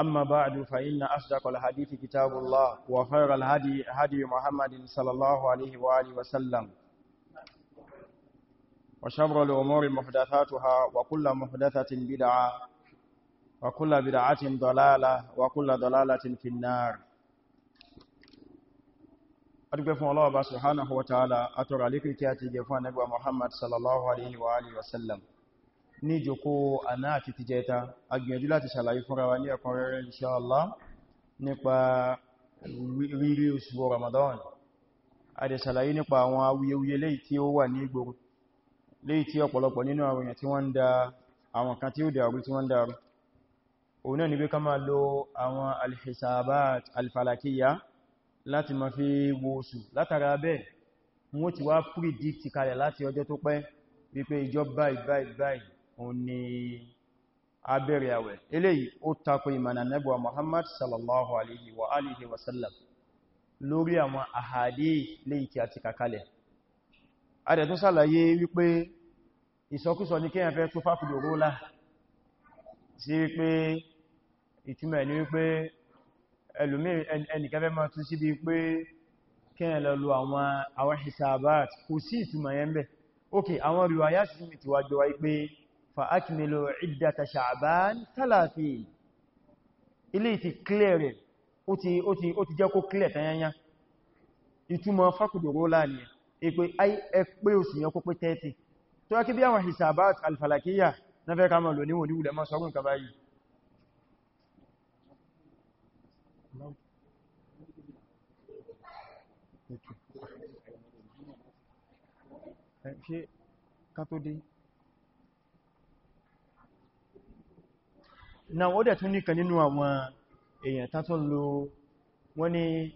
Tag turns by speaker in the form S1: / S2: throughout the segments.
S1: أما بعد فإن أصدق الحديث كتاب الله وخير الهدي هدي محمد صلى الله عليه وآله وسلم وشبر الأمور محدثاتها وكل محدثة بدعة وكل بدعة ضلالة وكل ضلالة في النار أدقى فún الله سبحانه وتعالى أترى لك كاتي جفوان محمد صلى الله عليه وآله وسلم ní ìjòkó àná àti ti jẹta agbìyànjú láti ṣàlàyé fúnra wa ní ẹ̀kúnrẹ́rẹ́ insha Allah nípa rírí oṣù Ramadan a dẹ̀ ṣàlàyé nípa àwọn awuyewuye léyìí tí ó wà ní ìgboro léyìí tí ọ̀pọ̀lọpọ̀ nínú àwọn èèyàn tí wọ́n ń da àwọn kan tí ó dàrú tí ni pé ká máa lo àwọn alhisabat alfalakiya láti ma fi wo oṣù látara bẹ́ẹ̀ wọ́n ti wá predict kalẹ̀ láti ọjọ́ òun ni abẹ́rẹ̀ àwẹ̀ eléyìí ó tako ìmànà nẹ́bọ̀ Muhammad sallallahu alaihi wa alihi wa wasallam lórí àwọn àhàdí léyìí tí a ti kàkalẹ̀ adẹ̀tún sàlàyé wípé ìsọkúsọ ní kíyàn fẹ́ tó fákùdò rólá sí wípé ìtumẹ̀ ní wípé ẹlòmíràn ẹnìkẹfẹ́ máa tún síbi pé kíyàn lọ lo àwọn hisabat kò sí ìtumẹ̀ yẹn bẹ̀ ok àwọn riwayat sí mi ti wájọ wáyé pé fa'akimilu iddata sha'ban tàlàfí ilé ti clear rẹ̀ ó ti jẹ́ kó clear tanyanya ìtumọ̀ fákùdòrò láàrin èpè ẹgbẹ́ oṣù yẹn kó pé 30 tó wá kí bí àwọn hisabat alfalakiya na fẹ́ kama lò níwò níwò na ó dẹ̀ tún níkan nínú àwọn èèyàn tán tún lo wọ́n ni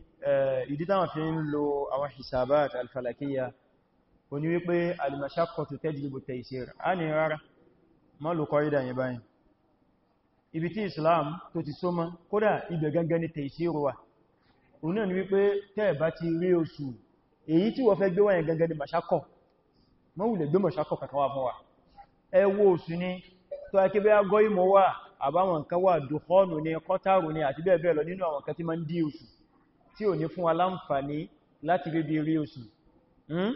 S1: ìdí fi ń lo àwọn hisabat alfalakiya o ní wípé almashaqqatu tajlibu taysir a ní rárá ma lo kọ́ídà yẹn báyìí ibi tí Islam tó ti só mọ́ kódà ibẹ̀ gangan ni taysiru wà o náà ni wípé tẹ́ẹ̀ bá ti rí oṣù èyí tí wọ́n fẹ́ gbé wáyẹn gangan ni mashakọ̀ mọ́wùlẹ̀ gbé ìmọ̀ wà àbáwọn kan wà dùkọ́nù ní kọ́tàrù ní àti bẹ́ẹ̀ bẹ́ẹ̀ lọ nínú àwọn kan tí ma ń dí oṣù tí ò ní fún wa láǹfààní láti rí bí rí oṣù hmm?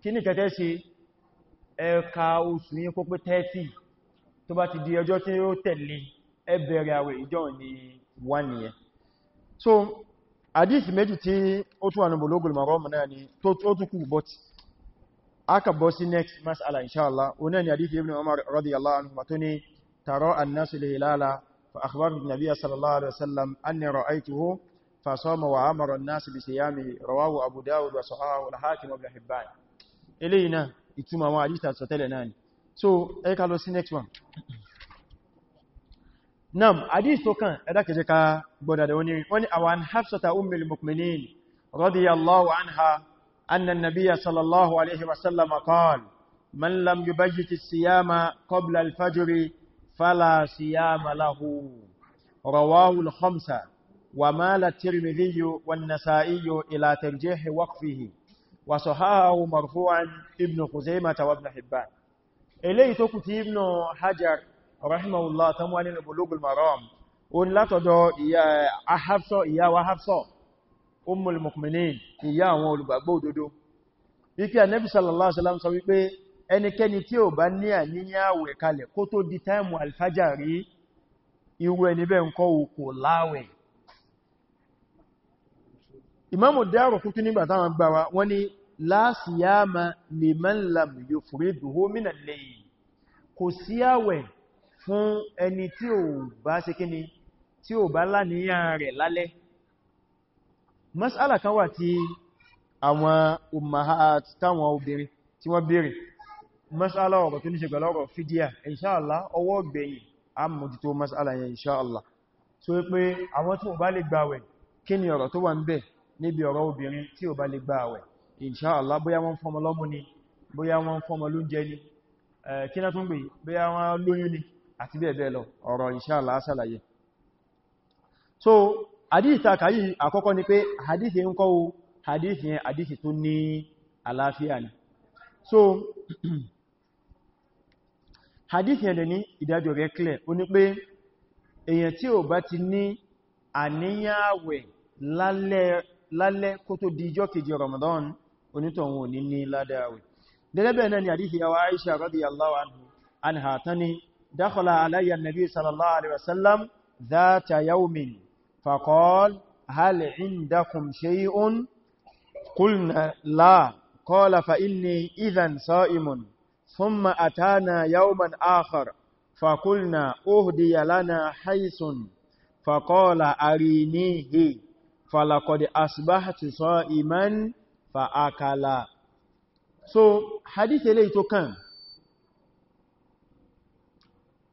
S1: kí ní kẹtẹ́ ṣe ẹ̀ka oṣù yín kó pé 30 tó bá ti di ọjọ́ tí ó tẹ̀lé ẹ àwẹ̀ ìjọ ní wà nìyẹn so àdíìsì méjì tí ó tún ànúbò lógún mọ̀rọ̀mù náà ni tó tún kù bọ́t aka bọ́ sí next masala inshallah onáà ni àdíìsì ibn Umar radiyallahu anhu tó ní تراءى الناس الهلال فأخبره النبي صلى الله عليه وسلم أني رأيته فصام وأمر الناس بصيامه رواه أبو داود وصححه الحاكم وابن حبان إلينا ìtumọ̀ àwọn àdíta sọ̀tẹ́lẹ̀ náà ni so ẹ ká lọ sí next one nam àdís tó kàn ẹ̀dá kẹjẹ ká gbọ́dàdà wọn ni wọ́n ni àwọn hafsata umil mukminin radiyallahu anha annan nabiya sallallahu alaihi wasallama qala man lam yubayyit as-siyama qabla al-fajr فلا صيام له رواه الخمسة ومال الترمذي والنسائي إلى ترجيح وقفه وصحاه مرفوعا ابن خزيمة وابن حبان إليه تكتي ابن حجر رحمه الله تموالين بلوغ المرام وإن لا تدعو أحفصه إياه وحفصه أم المؤمنين إياه وولبابو دودو إيكي النبي صلى الله عليه وسلم سويبه ẹnikẹ́ni tí ò bá ní àníyàn àwẹ̀ kalẹ̀ kó tó di táìmù alfajari irú ẹni bẹ́ẹ̀ ń kọ́ òkò láwẹ̀ imamu dáàrù kútú nígbà táwọn gbáwa wọ́n ni la siyama liman lam yufriduhu minal layl kò sí àwẹ̀ fún ẹni tí ò bá ṣe mas'ala kan wà tí ummahat táwọn obìnrin tí wọ́n béèrè masala ọ̀rọ̀ tó ní ṣe pẹ̀lú ọ̀rọ̀ fídíà inṣáàlá ọwọ́ gbẹ̀yìn a mójútó masala yẹn inṣáàlá so pé àwọn tí ó bá lè gbàwẹ̀ kí ni ọ̀rọ̀ tó wà ń bẹ níbi ọ̀rọ̀ obìnrin tí ó bá lè gbàwẹ̀ inṣáàlá bóyá wọ́n fọmọ lọ́mú ni bóyá wọ́n fọmọ lóúnjẹ ni kí ná tún gbé bóyá wọ́n lóyún ni àti bẹ́ẹ̀ bẹ́ẹ̀ lọ ọ̀rọ̀ inṣáàlá ṣàlàyé so hadith àkàyí àkọ́kọ́ ni pé hadith yẹn kọ́ hadith yẹn hadith tó so hadith yẹn ní ìdájọ́ rẹ̀ clear ó ní pé èyàn tí ò bá ti ní àníyàn àwẹ̀ lálẹ́ kó tó di ijọ́ kejì Ramadan onítọ̀hún ò ní ní ládáwẹ̀ dẹ́lẹ́bẹ̀ náà ni hadith yawa Aisha radiyallahu anha tani dakhala alayya nabi sallallahu alaihi wasallam dhata yawmin faqala hal indakum ثم أتانا يوما آخر فقلنا أهدي لنا حيث فقال أرينيه فلقد أصبحت صائما فأكلا so hadith eléyìí tó kàn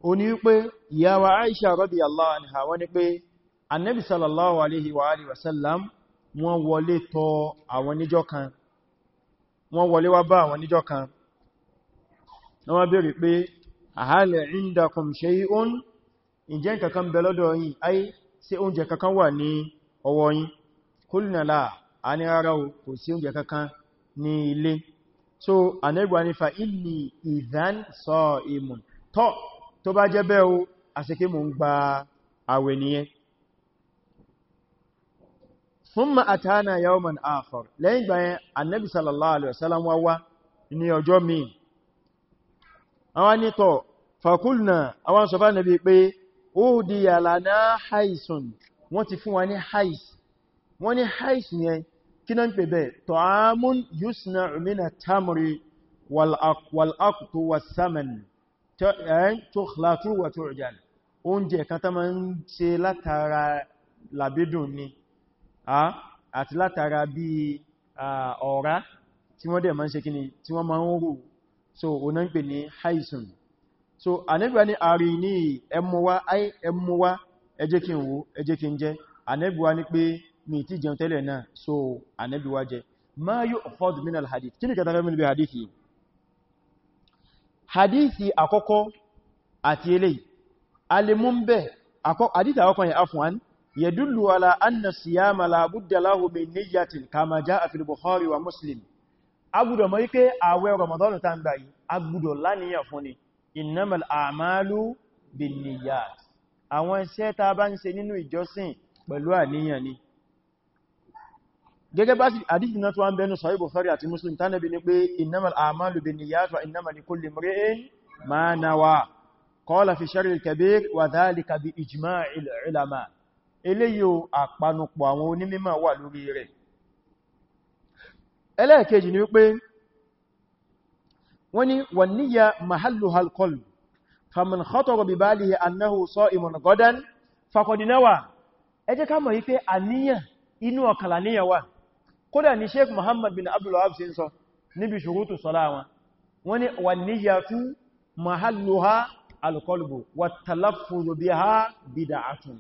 S1: ó ní pé ya wa Aisha radiyallahu anha woni pé annabi sallallahu alaihi wa alihi wasallam wọ́n wọlé tọ̀ àwọn níjọ́ kan wọ́n wọlé wá bá àwọn níjọ́ kan na wọ́n bèèrè pé àhálẹ̀ indakum shay'un ǹjẹ́ kankan bẹ lọ́dọ̀ yín ai ṣé oúnjẹ kankan wà ní ọwọ́ yín kulna la a ní rárá o kò sí oúnjẹ kankan ní ilé so anẹ́gbà ní fa inni idhan sa'imun tọ́ tó bá jẹ́ bẹ́ẹ̀ o àṣekí mo ń gba àwẹ̀ nìyẹn thumma atana yawman akhar lẹ́yìn gbà yẹn annabi sallallahu alaihi wasallam wá ọjọ́ míì àwọn nítọ̀ fàkúlnà àwọn sọfà nàbí pé ó di yàlànà haisun wọ́n ti fún wa ní hais wọ́n ní hais yẹn kí náà ń pè bẹ́ tọ́ámún yusna mina tamri wal'akutu wa saman tó eh, hlatu wa tó rìjàn oúnjẹ kan tá máa ń ṣe látara labidun ni àti látara bí ọ̀rá tí wọ́n dẹ̀ máa ń ṣe kíni tí wọ́n máa ń rú so ọ̀nà ń pè ní haisun so anẹ́gbà ní àrí ní ẹmọwá ai ẹmọwá ẹ jẹ́ kí n wo ẹ jẹ́ kí n jẹ mi ti jẹun tẹ́lẹ̀ náà so anẹ́gbà jẹ ma yu'khad min al-hadith kí ni kẹta rẹ̀ hadithi hadithi àkọ́kọ́ àti eléyìí alimúmbẹ̀ hadithi àkọ́kọ́ yẹn afwan yadullu ala anna siyama la budda lahu min niyyatin kama ja'a fil bukhari wa muslim agbúdọ̀ mọ̀ wípé àwẹ̀ Ramadan ta ń gbà yìí agbúdọ̀ láníyàn fún ni innamal a'malu binniyat àwọn iṣẹ́ ta bá ń ṣe nínú ìjọsìn pẹ̀lú àníyàn ni gẹ́gẹ́ bá sì àdíjì tó wá ń bẹnu Sahih Bukhari eléyìí àpanupọ̀ àwọn onímímọ̀ wà lórí rẹ̀ ẹlẹ́ẹ̀kejì ni wípé wọ́n ni wọ́n níyà mahallu halkol famin khatọrọ bí bá lè annahu sọ imun gọdan fakọdínáwà ẹ jẹ́ ká mọ̀ wípé àníyàn inú ọkàlà níyà wà kódà ni sheik muhammad bin abdullahab sí sọ níbi ṣurutu sọlá wọn wọ́n ni wọ́n níyà tú mahallu ha alkolbu wà bí ha bida'atun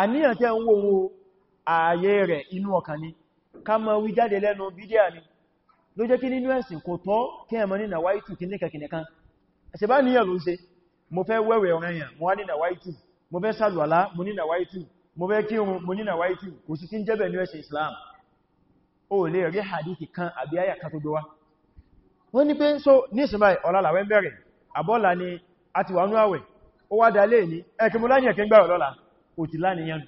S1: àníyàn tẹ́ ń wo ààyè rẹ̀ inú ọkàn ni ká má wí jáde lẹ́nu bídíà ni ló jẹ́ kí nínú ẹ̀sìn kò tọ́ kí ẹmọ ní nàwáìtù kí níkẹ̀kìnẹ̀kan ẹ̀sẹ̀ bá níyàn ló ṣe mo fẹ́ wẹ̀wẹ̀ ọ̀rẹ́yàn mo wá ní nàwáìtù mo fẹ́ sàlùwàlá mo ní nàwáìtù mo fẹ́ kírun mo ní Islam ó lè rí hadithi kan àbí àyà kan tó gbówá wọ́n ní pé so ní ìsinmi ọ̀la làwẹ́ bẹ̀rẹ̀ àbọ́là ni a ti wà nú àwẹ̀ ó wá dalé ní ẹ̀kẹ́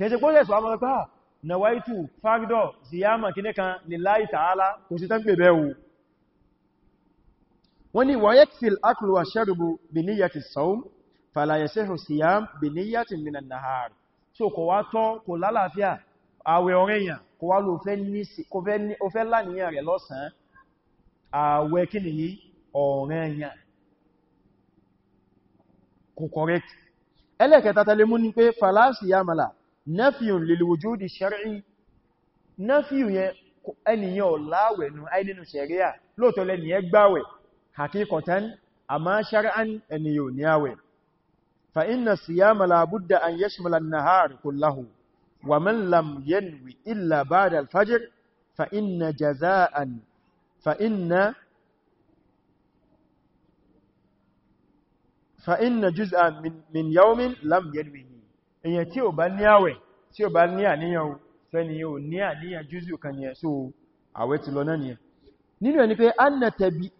S1: kẹsẹ̀ kó lẹ́sọ̀ àmọ́ pẹ́ na wáìtù fagdọ̀ ziyama kìnnì kan lillahi ta'ala kò sí tán pèbẹ̀ wò wọ́n ni wọ́n yakfil aklu wa sharubu bi niyyati sawm fala yasihu siyam bi niyyati minan nahar so kò wá tọ́ kò lálàáfíà àwẹ̀ ọ̀rẹ́yàn kò wá lò fẹ́ láníyàn rẹ̀ lọ́sàn àwẹ̀ kí ni yìí correct ẹlẹ́kẹta tẹlẹmú ni pé fala siyamala نفي للوجود الشرعي نفي yẹn ẹniyàn láwẹ̀ nù àìlẹ́nu ṣẹ̀ríà lóòtọ́ lẹ́niyàn gbáwẹ̀ hakikatan àmá ṣar'an ẹniyàn ní àwẹ̀ fa inna siyama labudda an yashmala an-nahar kullahu wa man lam yanwi illa ba'da al-fajr fa inna jaza'an fa inna fa inna juz'an min yawmin lam yanwi èyàn tí ò bá ní àwẹ̀ tí ò bá ní àníyàn o fẹ́ni ò ní àníyàn jùzù kan yẹn so àwẹ̀ ti lọ náà nìyẹn nínú ẹni pé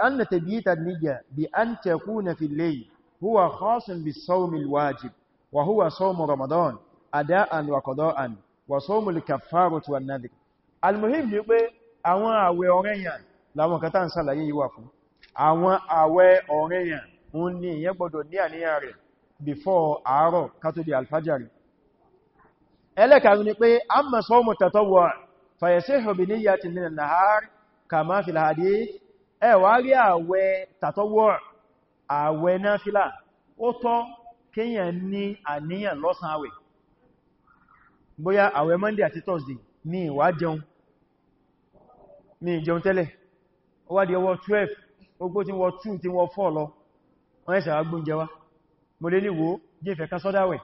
S1: anna tabiita niyya bi an takuna fil layl huwa khasun kan tá ń ṣàlàyé yìí fún àwọn àwẹ̀ ọ̀ranyàn ń ní ìyẹn gbọdọ̀ ní àníyàn rẹ̀ before àárọ̀ kátó di alfajari eleka ni pé a mọ̀ sọ́mù tàtọ́wọ̀ fàyẹ̀sẹ̀ ìhòbìníyà ti nahar kama fil hadith ẹwà awe àwẹ̀ tàtọ́wọ̀ àwẹ̀ náfílà ó tọ́ kenya ni àníyàn losan àwẹ̀ bóyá awe monday ati thursday ni ìwà jẹun ni ìjẹun tele o wá di owo 12 ogbo ti wọ 2 ti wọ 4 lọ wọ́n ẹ̀sẹ̀ agbóúnjẹ wá mo lè ní wo jẹ́ ìfẹ́ kan sọ́dáwẹ̀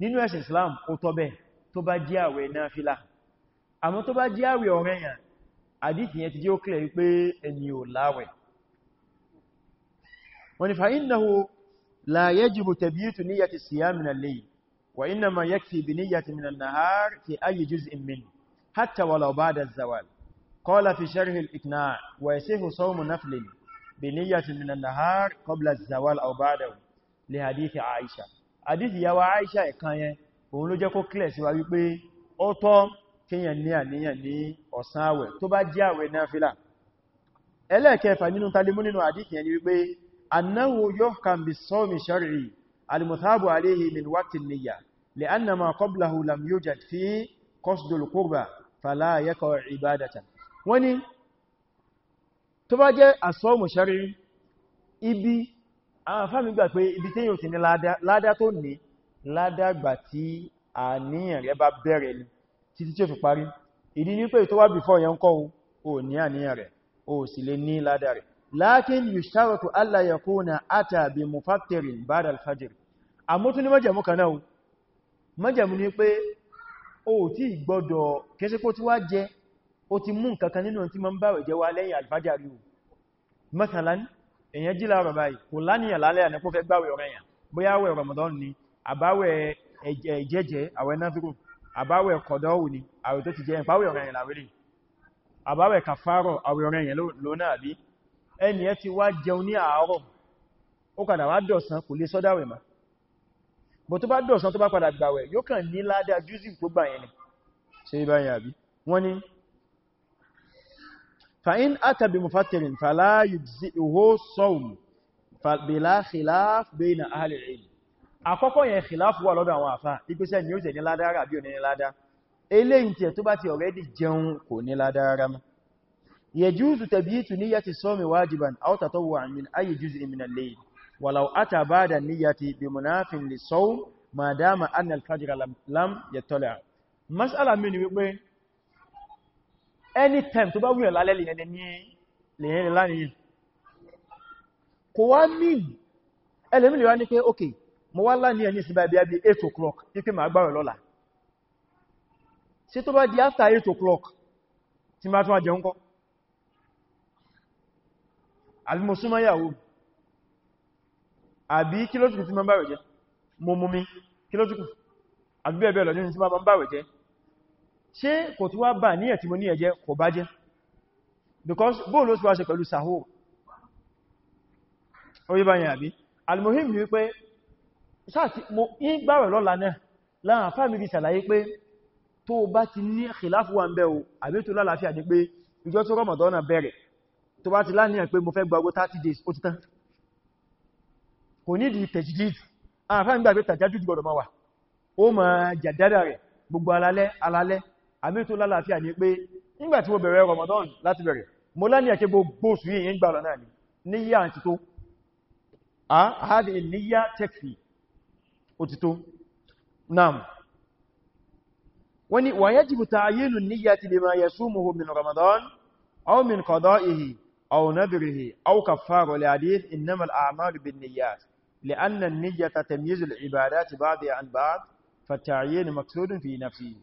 S1: nínú ẹ̀sìn Islam ó tọ́ bẹ́ẹ̀ tó bá jẹ́ àwẹ̀ náfílà àmọ́ tó bá jẹ́ àwẹ̀ ọ̀ranyàn àdífì yẹn ti jẹ́ ó kílẹ̀ wípé ẹni ò láwẹ̀ wọ́n ni fa'innahu la yajibu tabiitu niyyati siyam min al-layl wa innama yakfi bi niyyati zawal qala fi sharh lè hadithi Aisha hadithi ìyàwó Aisha ìkan yẹn òun ló jẹ́ kó clear sí wa wípé ó tọ́ kíyàn ní àníyàn ní ọ̀sán àwẹ̀ tó bá jẹ́ àwẹ̀ náfílà ẹlẹ́ẹ̀kẹfà nínú talimú nínú hadithi yẹn ni wípé annahu yuhkam bis-sawmi shar'i al-muthabu alayhi min waqti an-niyya li'anna ma ibi àwọn afẹ́mi gbà pé ibi tí yóò ti ní ládá tó ní ládá gbà tí àníyàn rẹ bá bẹ̀rẹ̀ ní títí tí ó fi parí ìdí ní pé tó wá before yẹn kọ́ o ní àníyàn rẹ̀ o sì lè ní ládá rẹ̀ lakin yushtaratu alla yakuna ata bi mufattirin ba'da al-fajr àmọ́ tún ní májẹ̀mú kan náà májẹ̀mú ní pé o tí gbọ́dọ̀ kẹsí kó tí wá jẹ o ti mú nǹkan kan nínú o mẹ́kànlá ní èyàn jí láàrọ̀ báyìí kò láníyàn lálẹ́ àní kó fẹ́ gbáwẹ̀ ọ̀rẹ́ yàn bóyá wẹ̀ Ramadan ni àbáwẹ̀ ìjẹ́jẹ́ àwẹ̀ náfíkù àbáwẹ̀ kọ̀dọ́wù ni àwẹ̀ tó ti jẹ́ ìpáwẹ̀ ọ̀rẹ́ yàn láwẹ́rẹ́ àbáwẹ̀ ma bọ̀ tó bá dọ̀sán tó bá padà gbàwẹ̀ yóò kàn ní ládá júzì tó gbà فإن أتى بمفتر فلا يجزئه الصوم بلا خلاف بين أهل العلم àkọ́kọ́ yẹn khilaf wà lọ́dọ̀ àwọn àfá ìpèsè ni ó tẹ̀ ní ládára àbí òní ládá eléyìn tí ẹ̀ tó bá ti already jẹun kò ní ládára mọ́ yajuzu tabitu niyyati sawmi wajiban aw tatawwu'an min ayyi juz'in min al-layl walau ata ba'da niyyati bi munafin li sawm ma dama anna al-fajr lam yattali' mas'ala mi ni wípé anytime tó bá wùyàn lálẹ́ lèyẹn ní lèyẹn láàrin kò wá mean ẹlẹ́mí lè wá ní pé ok mo wá láàrin ẹni sí báyìí bí 8 o'clock ní pé ma gbáwẹ̀ lọ́la sí tó bá di after 8 o'clock tí ma tún àjẹun kọ́ àbí mo súnmọ́ yàwó àbí kí mo mú mi kí ló tukù àbí bẹ́ẹ̀ bẹ́ẹ̀ lọ nínú tí ma bá wẹ̀ jẹ́ ṣe kò tí wá bà ní ẹ̀ tí mo ní ẹ̀jẹ́ kò bá jẹ́ because bóò ló sì wá ṣe pẹ̀lú sàhó orí báyìí àbí almuhim ni mo ń gbàwẹ̀ lọ́la náà láàrín fámílì sàlàyé pé tó bá ti ní khilafu wà ń bẹ́ o àbí tó lálàáfíà ní pé ìjọ tó Ramadan bẹ̀rẹ̀ tó bá ti láníyàn pé mo fẹ́ gbàgbó 30 days ó ti tán kò ní di tajdid àfáà ń gbà pé tajdid gbọdọ̀ máa wà ó ma jàdádà rẹ̀ gbogbo alalẹ́ alalẹ́ àmì tó lálàáfíà ní pé nígbàtí mo bẹ̀rẹ̀ Ramadan láti bẹ̀rẹ̀ mo lá ní àkẹ́ gbogbo oṣù yìí ń gbàrà náà ni níyà àti tó àádìí níyà tẹ́kì to aadii náà wani wa yajibu ta'yilu niyyati lima yasumuhu min Ramadan aw min qada'ihi aw nadrihi aw kaffara li hadith innama al-a'malu bin niyyat li'anna an-niyyata tamyizu al-ibadati ba'daha an ba'd fa at-ta'yin fi nafsihi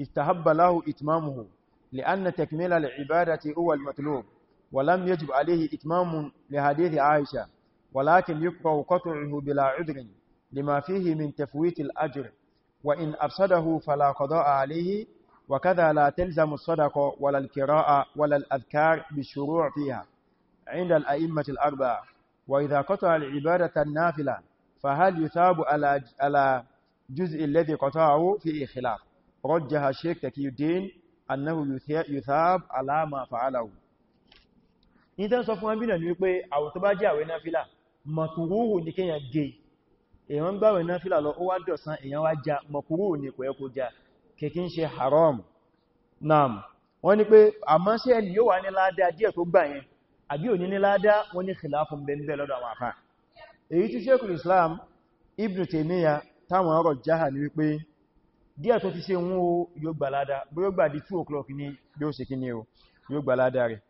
S1: استهب له إتمامه لأن تكميل العبادة هو المطلوب ولم يجب عليه إتمام لحديث عائشة ولكن يكره قطعه بلا عذر لما فيه من تفويت الأجر وإن أفسده فلا قضاء عليه وكذا لا تلزم الصدقة ولا الكراء ولا الأذكار بالشروع فيها عند الأئمة الأربعة وإذا قطع العبادة النافلة فهل يثاب على جزء الذي قطعه في خلاف رجح الشيخ تكي الدين أنه يثاب على ما فعله ní tẹ́ sọ fún ẹbí náà ní wípé àwọ̀ tó bá jẹ́ àwẹ̀ náfílà mọ̀kúrúhù ní kíyàn gé èyàn ń gbáwẹ̀ náfílà lọ ó wá dọ̀sán èyàn wá já mọ̀kúrúhù ní kò yẹ kó já kìkí ń ṣe haram naam wọ́n ní pé àmọ́ ṣé ẹni yóò wá ní ládá díẹ̀ tó gbà yẹn àbí ò ní ládá wọ́n ní khilafun bẹ́ẹ̀ lọ́dọ̀ àwọn àfà èyí tí Sheikhul Islam Ibn Taymiyyah táwọn ọ̀rọ̀ jáhà ní wípé díẹ̀ tó fi ṣe wọ́n o yóò gbà ládá bó yóò gbà di 2 o'clock ní bí ó ṣe kí ní o yóò gbà ládá rẹ̀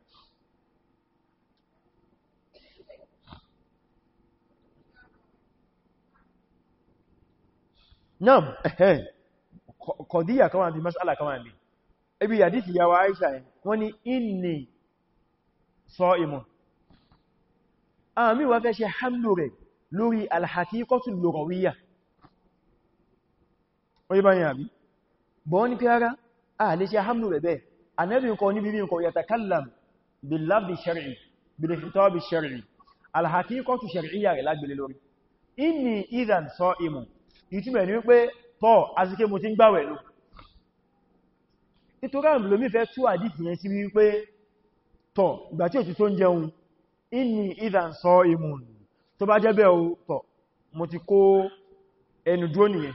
S1: náà ẹ̀hẹ́ kọ̀díyà kan wà bí mas'ala kan wà bí ibi yàdífì yàwó Aisha wọ́n ni inni sọ ìmọ̀ àmì wà fẹ́ ṣe hamlu rẹ̀ lórí alhakikotul lugawiyya oye báyìí àbí bọ́ ní pé ara a lè ṣe hamlu rẹ̀ bẹ́ẹ̀ anẹ́bí nǹkan níbi bí nǹkan yatakallam bil lafzi shar'i bil khitabi shar'i al haqiqatu shar'iyya rẹ̀ lágbèlé lórí inni idhan sa'imun ìtumẹ̀ ni wípé tọ́ asíké mo ti ń gbáwẹ̀ lọ nítorí àwọn olómi fẹ́ ẹnu dúró nìyẹn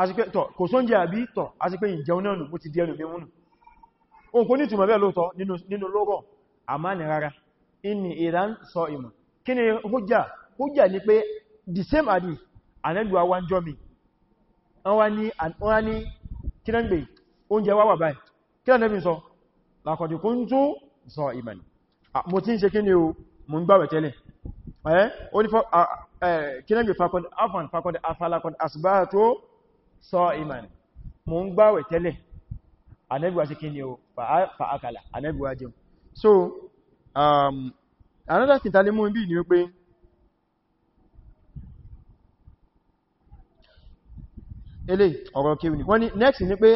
S1: àṣípẹ́ tọ̀ kò só ń jẹ àbí tọ̀ àṣípẹ́ ìjẹun náà nù bó ti di ẹlù mímúnù òun kò ní ìtumọ̀ bẹ́ẹ̀ lóòtọ́ nínú lọ́rọ̀ àmá ní rárá inì ìdán sọ ìmọ̀ kí ni hujja hujja ni pé the same adi anẹ́lù wa ń jọ mi wọ́n ní kí náà gbé oúnjẹ wá wà báyìí kí náà nẹ́bí sọ laqad kuntu sa'iman mo ti ń ṣe kí ni o mo ń gbàwẹ̀ tẹ́lẹ̀ ẹ́ ó ní kí náà gbé fakọ́dẹ̀ afọ́n fakọ́dẹ̀ afọ́lákọ́dẹ̀ asbáàtó sa'iman mo ń gbààwẹ̀ tẹ́lẹ̀ Ànábì wá ṣe kí ni o fa akala Ànábì wá jẹun so um, another thing tàlé mú bí ní wípé ilé ọ̀rọ̀ kéwì ni wọ́n ni next ni pé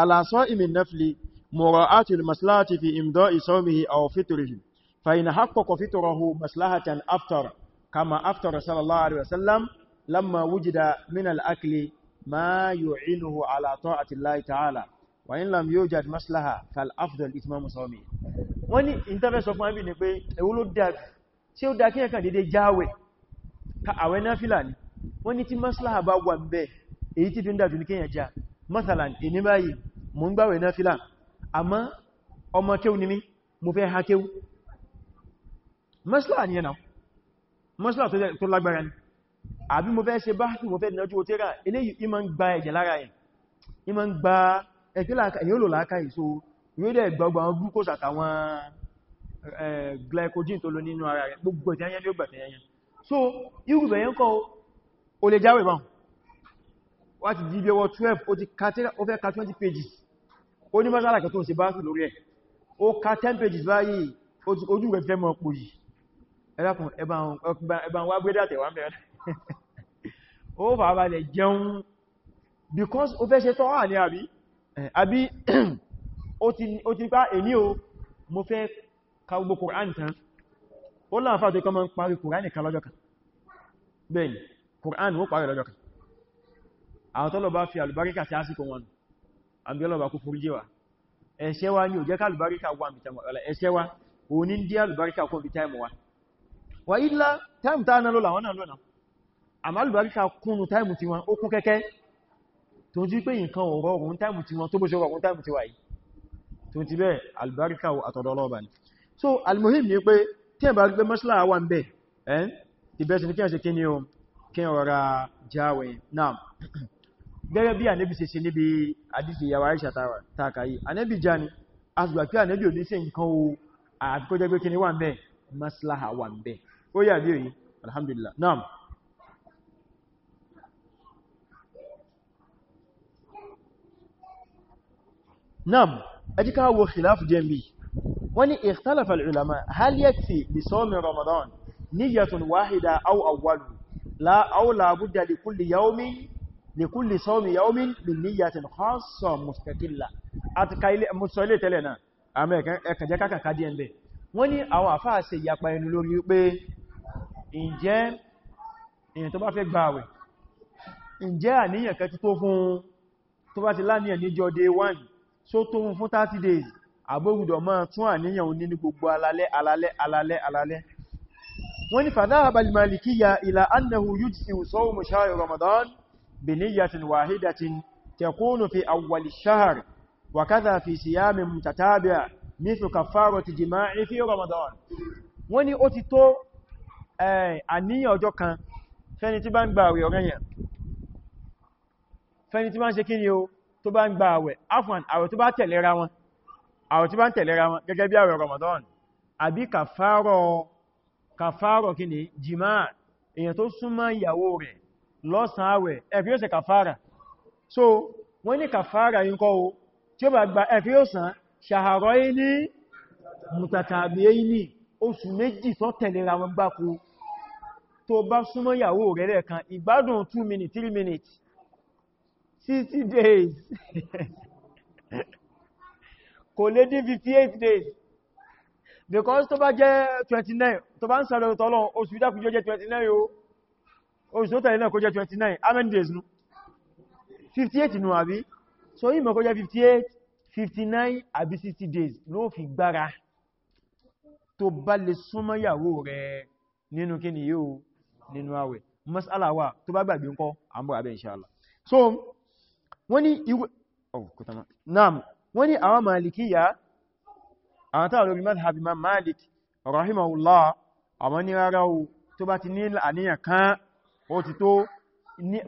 S1: ala sa'imin nafli mura'atul maslahati fi imda'i sawmihi aw fitrihi fa in haqqaqa fitrahu maslahatan aftara kama aftara sallallahu alaihi wasallam lamma wujida min al-akli ما يعينه على طاعة الله تعالى وإن لم يوجد مصلحة فالأفضل إتمام صومه wọ́n ní ìntẹ́fẹ́ sọ fún ẹbí ní pé èwo ló dájú tí ó dá kí ẹ̀kàn dédé jáwẹ̀ ka àwẹ̀ náà fìlà ní wọ́n ní tí maslaha bá wà bẹ́ èyí tí fi ń dájú àbí mo fẹ́ ṣe báṣù mo fẹ́ dìnàjú òtíra eléyìí ìmọ̀ ń gba ẹ̀jẹ̀ lára ẹ̀ ìmọ̀ ń gba ẹ̀yìn olò láàká ìso ìwédẹ̀ gbogbo àwọn glucose àtàwọn glycogen tó lọ nínú ara rẹ̀ gbogbo ìtẹ́yẹn ni ó gbàtẹ̀yẹn so irúgbẹ̀ yẹn kọ́ o lè jáwẹ̀ o ti ka 20 pages ó ní mọ́sálà kẹtọ́ ṣe báṣù lórí ẹ̀ ó ka gbé dàtẹ̀ mẹ́rin ó fàábalẹ̀ jẹun because ó fẹ́ ṣe tọ́wà ní àbí eh, àbí ó ti pá èní o mo fẹ́ ka gbogbo kòránì tán ó láàfà tó kọmọ parí kòránì kan lọ́jọ́ kan bẹ́ẹ̀ni kòránì ó parí lọ́jọ́ kan àwọn fi àlùbáríkà sí àsìkò wọn àbí ọlọ́bà kó forí jẹ́wà ẹ̀ṣẹ̀ wa ni ò jẹ́ ká àlùbáríkà wà mìtà mọ̀lá ẹ̀ṣẹ̀ wa ò ní dí àlùbáríkà kó mìtà mọ̀ wa wà ílá táìmù táà náà lọ́la náà lọ́nà àmàlùbáríkà kúnnù táìmù ti wọn ó kún kẹ́kẹ́ tó jí pé nǹkan ọ̀rọ̀ ọ̀rùn táìmù ti wọn tó bó ṣe ọ̀rùn táìmù ti wà yìí tó ti bẹ́ẹ̀ àlùbáríkà àtọ̀dọ̀ ọlọ́ọ̀bà ni so almuhim ni pé tí ẹ̀bà gbé mọ́ṣílá wà ń ni o kí n rọra jáwẹ̀ náà gẹ́gẹ́ bí ànẹ́bì ni a ṣùgbà pé ànẹ́bì ò ní ṣe nǹkan o àkójẹ́ ni wà ń bẹ̀ mọ́ṣílá wà ń bẹ̀ ó yà bí òyìn alhamdulillah náà نعم أجيكا هو خلاف جنبي وني اختلف العلماء هل يكفي لصوم رمضان نية واحدة أو أول لا أو لا بد لكل يوم لكل صوم يوم من نية خاصة مستقلة أتكايلي مستقلة لنا أمريكا كدين بي wọ́n ní àwọn àfáà ṣe ìyapa ẹnu lórí pé ǹjẹ́ èyàn tó bá fẹ́ gba àwẹ̀ ǹjẹ́ àníyàn kan ti tó fún tó bá ti láníyàn níjọ́ day 1 só tó mú fún 30 days àbógudọ̀ máa tún àníyàn ní ní gbogbo alalẹ́ alalẹ́ alalẹ́ alalẹ́ wọ́n ní fadhahaba al-malikiyya ila annahu yujzi'u sawmu shahri ramadan bi niyyatin wahidatin takunu fi awwal ash-shahr wa kadha fi siyamin mutatabi' mithlu kaffarati jima'i fi ramadan wọ́n ní ó ti tó àníyàn ọjọ́ kan fẹ́ni tí bá ń gba àwẹ̀ ọ̀rẹ́yàn fẹ́ni tí bá ń ṣe kí o tó bá ń gba àwẹ̀ afwan àwẹ̀ tó bá tẹ̀lera wọn àwẹ̀ tó bá ń tẹ̀lera wọn gẹ́gẹ́ bí àwẹ̀ Ramadan àbí kàfàrọ̀ kàfàrọ̀ kí ni jìmá èyàn tó súnmọ́ ìyàwó rẹ̀ lọ́sàn àwẹ̀ ẹ̀fí yóò so wọ́n ní kàfàrà yínkọ́ o tí ó bá gba ẹ̀fí yóò sàn ṣàhàrọ̀ ní mùtàtàbíyẹ́ni oṣù méjì tó tẹ̀lera wọn gbáko tó bá 2 minutes 3 minutes 60 days kò lé dín fifty eight days because tó bá jẹ́ 29 tó bá ń sọ̀rọ̀ ìtọ́lọ́ oṣù ìdákùnjẹ́ jẹ́ 29 o oṣù tó tẹ̀lé náà kó jẹ́ 29 how many days nù 58 nù àbí so yíma kó jẹ́ 58 59 àbí 60 days ló fi gbára tó bá lè súnmọ́ yàwó rẹ̀ nínú kí ni yóò nínú àwẹ̀ masalawa tó bá gbàgbé ńkọ́ àmbọ̀ abẹ́ inshallah so wọ́n ní ìwé oh, ọ̀kùtàmà naam wọ́n ní àwọn malikiya àwọn tàà lórí mazhabi ma malik rahimahullah àwọn ní rárá o tó bá ti ní àníyàn kan ó ti tó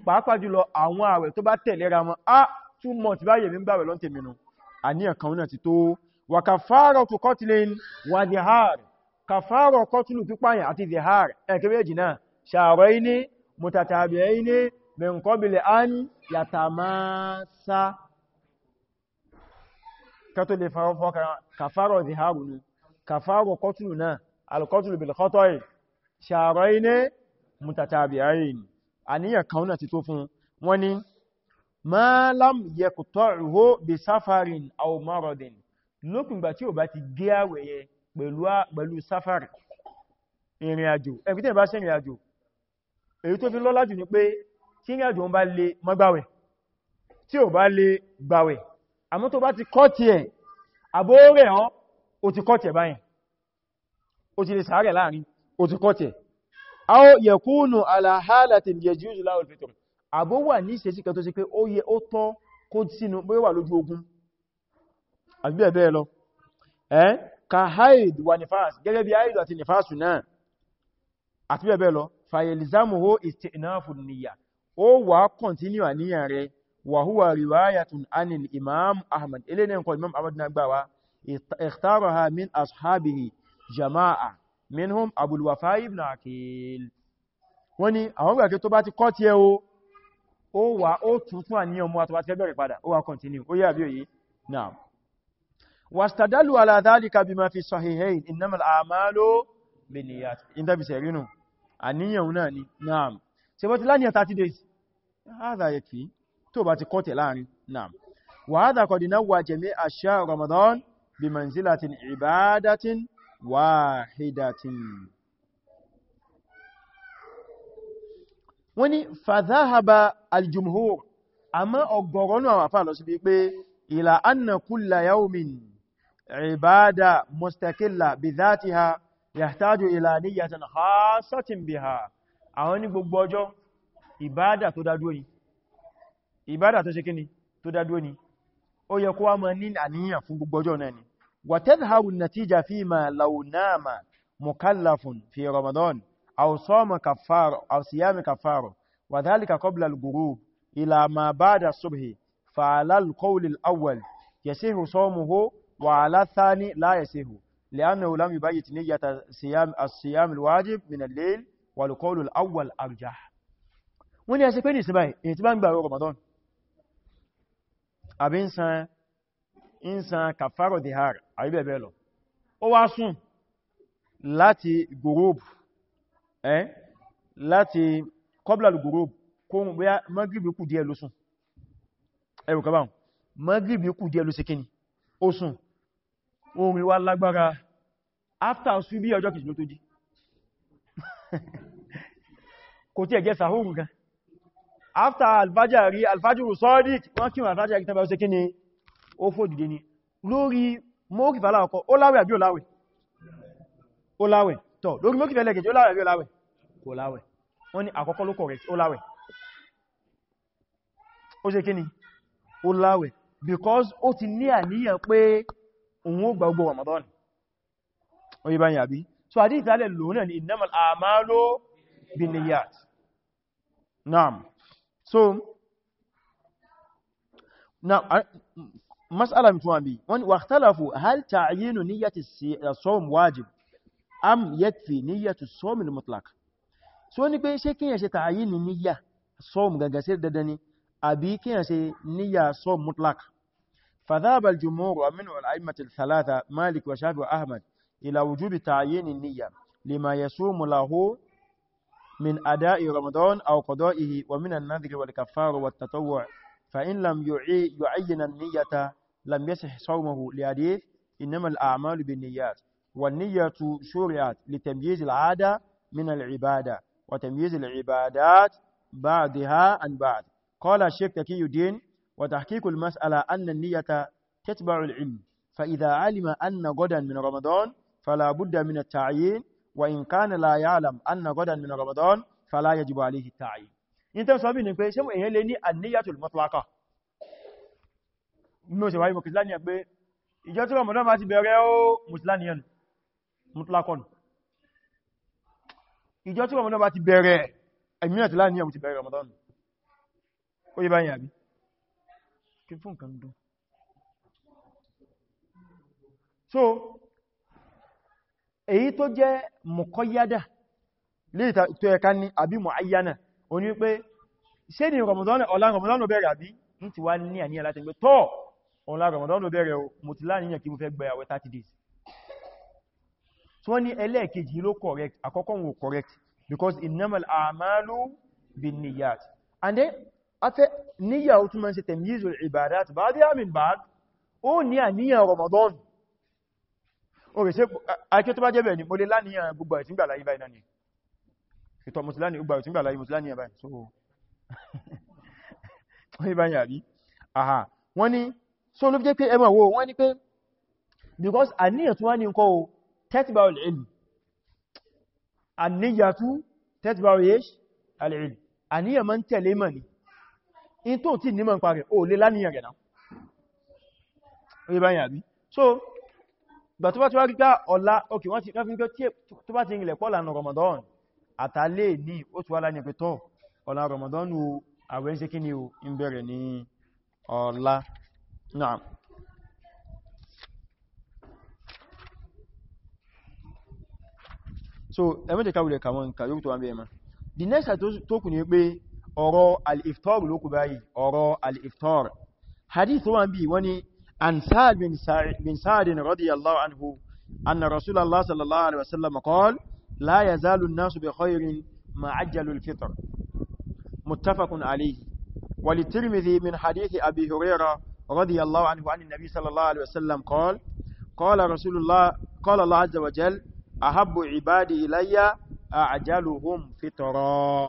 S1: pàápàá jùlọ àwọn àwẹ̀ tó bá tẹ̀lera wọn a ah, tún mọ̀ tí bá yẹ̀ mí bàwẹ̀ lọ́n tèmínú àníyàn kan náà ti tó wà kàfàárọ̀ tó kọtìlín wà zihar kàfàárọ̀ kọtìlù pípàyàn àti zihar ẹ̀kẹ́rẹ́ jìnà sha'raini mutatabi'aini min qabli an yatamasa kato le faro fokara kafaro zihabu ni kafaro kotulu na alkotulu bil khata'i sharaine mutatabi'ain àníyàn kan náà ti tó fún wọn ni ma lam yaqta'uhu bi safarin aw maradin lópin gbà tí ó bá ti gé ìrìn àjò ẹbí tẹ́ bá ṣe ìrìn àjò èyí tó fi lọ́lá jù pé tí ní àjò bá lè má gbàwẹ̀ tí ò bá lè gbàwẹ̀ àmọ́ tó bá ti kọ́tí ẹ̀ àbóórẹ̀ ọ́ o ti kọ́tí ẹ̀ báyìí o ti lè sàárẹ̀ láàrin o ti kọ́tí ẹ̀ aw yakunu ala halatin yajuzu lahu al-fitr àbó wà ní ìṣẹ́sí kan tó ó yẹ ó tọ́ kó sínú pé wà ó wà kọ̀ntínú àníyàn rẹ̀ wa huwa riwayatun anil imam ahmad ilé ní nǹkan imam ahmad náà gbáwa ikhtaraha min ashabihi jama'a minhum abul wafai ibn akil wọ́n ni àwọn gbàgbé tó bá ti kọ́ tí ẹ o ó wà ó tuntun àníyàn mú àtọwà ti bẹ̀rẹ̀ padà ó wà kọ̀ntínú ó yà bí òye náà wastadalu ala dhalika bima fi sahihayn هذا يكفي توبة قوتي الآن نعم وهذا قد نوى جميع أشياء رمضان بمنزلة عبادة واحدة وني فذهب الجمهور أما أقبرنا وفعل سبيك إلى أن كل يوم عبادة مستقلة بذاتها يحتاج إلى نية خاصة بها أعني بقبوجه ìbádà tó dádúró ni ìbádà tó ṣe kíni tó dádúró ni ó yẹ kó wá mọ́ ní àníyàn fún gbogbo ọjọ́ náà ni wa tadhharu an-natija fima law nama mukallafun fi ramadan aw sama kaffaro aw siyami kaffaro wa dhalika qabla qawl al-awwal yasihu wọ́n ní ẹsẹ pé ní ìsinmi èyí tí bá ń gbà ọ̀rọ̀ Ramadan àbí ń san kàfàrọ̀ dìhar àríbẹ̀bẹ̀ lọ ó wá sùn láti gòròbù ẹ́ láti kọ́blà gòròbù kó mú bóyá magribi kù díẹ̀ ló sùn ẹrù kọba magribi kù díẹ̀ ló sí kíni ó sùn orin wá lágbára after subi ọjọ́ kìí ló tó jí kò tí ẹ̀gẹ́ sàhóòrùn gan after alfajari alfajiru sadiq wọ́n kí wọ́n alfajari tẹ́bẹ̀ ọ̀sẹ̀ kí ni ó fò dìde ni lórí mọ́kì fàlá ọkọ̀ ó láwẹ̀ àbí oláwẹ̀ oláwẹ̀ tọ́ lórí mọ́kì fẹ́lẹ̀ kejì oláwẹ̀ àbí oláwẹ̀ kò láwẹ̀ wọ́n ni àkọ́kọ́ ló correct oláwẹ̀ ó ṣe because ó ti ní àníyàn pé òun ó gba gbogbo Ramadan ó yí báyìí àbí so àdí ìtàlẹ̀ lónà ni naam so now mas'ala mi tún wà bí wọ́n wàhtàlàfù hal ta'yinu niyyati as-sawm wajib am yakfi niyyatu as-sawm al-mutlaq so ní pé ṣé kíyàn ṣe ta'yinu niyya as-sawm gangan ṣe dandan ni àbí kíyàn niyya as-sawm mutlaq فذهب الجمهور ومنه الأئمة الثلاثة مالك وشافعي وأحمد إلى وجوب تعيين النية لما يصوم له من أداء رمضان أو قضائه ومن النذر والكفار والتطوع فإن لم يعين النية لم يصح صومه لحديث إنما الأعمال بالنيات والنية شرعت لتمييز العادة من العبادة وتمييز العبادات بعضها عن بعض قال الشيخ تكي الدين وتحقيق المسألة أن النية تتبع العلم فإذا علم أن غدا من رمضان فلا بد من التعيين وإن كان لا يعلم أن غدا من رمضان فلا يجب عليه التعيين انت مسابين ni pé ṣé mo eyan lè ní aniyatul mutlaqa mo ṣe wáyé mo kislani pé ìjọ́ tí Ramadan bá ti bẹ̀rẹ̀ o muslaniyan mutlaqon ìjọ́ tí Ramadan bá ti bẹ̀rẹ̀ èmi àti laniyan mo ti bẹ̀rẹ̀ Ramadan ó yé bayin àbí kí fún kan do so èyí tó jẹ́ mọ̀kọ́yádà lè tó ẹ̀ká ní àbí mọ̀áyánà o ní pé ṣe ni Ramadan ọ̀la Ramadan bẹ̀rẹ̀ àbí ní ti wá ní àníyàn láti gbé tọ́ ọ̀la Ramadan bẹ̀rẹ̀ o mo ti láàníyàn kí mo fẹ́ gbé àwẹ̀ 30 ní ẹlẹ́ẹ̀kejì ló correct àkọ́kọ́ correct because innamal a'malu binniyat and then afẹ́ níyà ó túnmọ̀ sí tẹ̀míyìzù ìbàdà àti bá dí àmì Ramadan orí sí àìkí tó bá jẹ́ bẹ̀ ní mo lè láníyàn gbogbo àti ìgbà láyé báyìí náà ni ìtọ̀ mo ti láníyàn gbogbo àti ìgbà láyé mo ti láníyàn báyìí so wọ́n bá yà rí àhà wọ́n ni so ló jẹ́ pé ẹmọ̀ wo wọ́n ni pé because àníyàn tó wá ní nǹkan o tẹ́tìbà al-ilm àníyàn tó tẹ́tìbà al-ilm àníyàn máa ń tẹ̀lé mọ̀ ni in tó tí ní mọ̀ ń parẹ̀ o lè láníyàn rẹ̀ náà gbà tó bá ti wá ríká ah, ọ̀la òkè wọ́n ti káfí ń gọ́ tí tó bá ti ń ilẹ̀ pọ́lá ní Ramadan àtàlé ní ó ti wá láyé pé tọ́ Ramadan o àwẹ̀ ń ṣe kí ni o ń bẹ̀rẹ̀ ní ọ̀la náà so ẹmẹ́jẹ̀ káwulẹ̀ kàwọn nǹkan yóò tó wá ń bẹ̀rẹ̀ ma the next tó kù ni pé ọ̀rọ̀ عن سعد بن سعد رضي الله عنه أن رسول الله صلى الله عليه وسلم قال لا يزال الناس بخير ما عجلوا الفطر متفق عليه وللترمذي من حديث أبي هريرة رضي الله عنه عن النبي صلى الله عليه وسلم قال قال رسول الله قال الله عز وجل أحب عبادي إلي أعجلهم فطرًا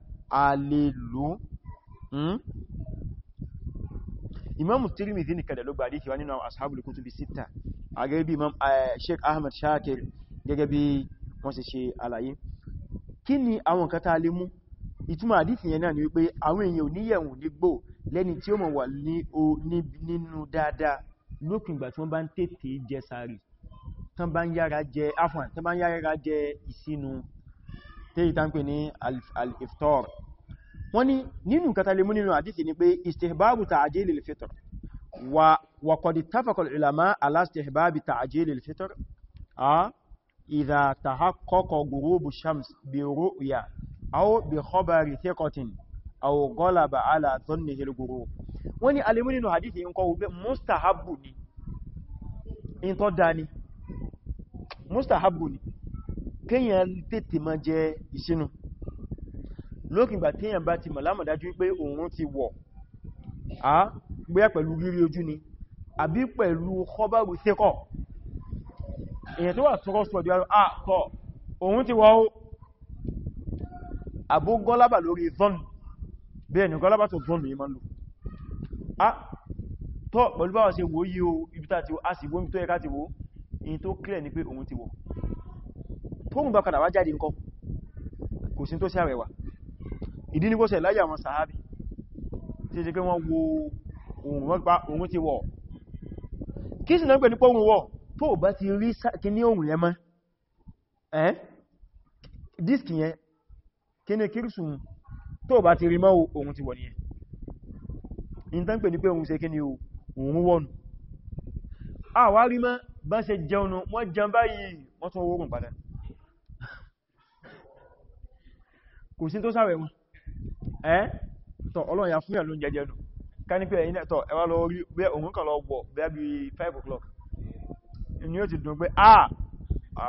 S1: a lè hmm? imam tirmidhi nìkan da ló gbà àdíkì wá nínú àwọn ashabul kutubi sita a gẹ́gẹ́ bí imam eh, sheikh ahmad shakir gẹ́gẹ́ bí wọ́n ṣe ṣe àlàyé kí ni àwọn nǹkan tá lè mú ìtumọ̀ àdíkì yẹn náà ni wípé àwọn èèyàn oníyẹ̀wò nígbò lẹ́ni tí o mọ̀ wà nínú dáadáa lókùn ìgbà tí wọ́n bá ń tètè jẹ sàárì tán bá ń yára jẹ ìsinu tí ìta ń pè ní al-iftar wọ́n ni nínú katale mú nínú àdísì ni pé istihbabu ta'jilil fitr wa qad ittafaqa al-ulama ala istihbabi ta'jilil fitr a idha tahaqqaqa ghurubu shams bi ru'ya aw bi khabari thiqatin aw ghalaba ala dhannihi al-ghurub wọ́n ni alimu nínú àdísì ń kọ́ wípé ni in tó kéèyàn tètè máa jẹ ìṣínú lókìngbà téèyàn bá ti màlámà dájú pé òun ti wọ̀ á gbé pẹ̀lú rírí ojú ni àbí pẹ̀lú kọbáwù síkọ̀ èyàn tó wà tọ́kọ́ sọ ìdíwárò àtọ́ òun ti wọ́ ó àbó gọ́lábà lórí zọ́nù bẹ́ẹ̀ ni gọ́lábà tó zọ́nù yí máa lò á tọ́ pẹ̀lú báwọn ṣe wòó yí o ibi tá ti wó sì wó mi tó yẹ ti wó in tó clear ni pé òun ti wọ̀ tóhun bá padà wá jáde nǹkan kò sí tó sí àwẹ̀wà ìdí ní gbóṣẹ̀ láyé àwọn sàábì tí ṣe pé wọ́n wo ohun wọ́n pa ohun ti wọ̀ kí sì náà pẹ̀lú pọ́hun wọ̀ tó bá ti rí kí ní ohun yẹn mọ́ ẹ́ dískì yẹn kí ní kírísùn tó bá ti rí mọ́ ohun ti wọ̀ ní pé wọ́n jẹun wórùn padà kò sí tó sáwẹ̀ wọn ẹ́ tọ́ ọlọ́run ya fún yà ló ń jẹjẹ nù ká ní pé ẹ̀yìn tọ́ ẹwà lọ rí bẹ́ òun kàn lọ wọ̀ bẹ́ bí 5 o'clock ni ó ti dùn pé ah